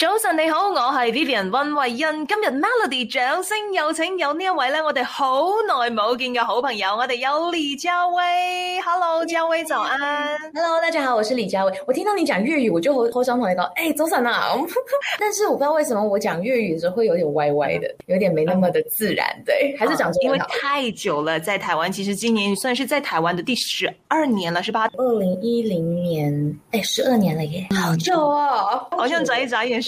早晨你好，我係 Vivian 溫慧欣。今日 Melody 掌聲有請，有呢一位呢，我哋好耐冇見嘅好朋友，我哋有李佳薇。Hello，佳薇早安。早上 Hello. Hello，大家好，我是李佳薇。我聽到你講粵語，我就好想同你講，誒、欸，早晨啊！但是我不知道為什麼我講粵語嘅時候會有點歪歪的，有點沒那麼的自然。嗯、對，還是講中文好。因為太久了，在台灣其實今年算是在台灣的第十二年啦，是吧？二零一零年，誒，十、欸、二年了耶，好久啊，好像眨、啊、一眨眼。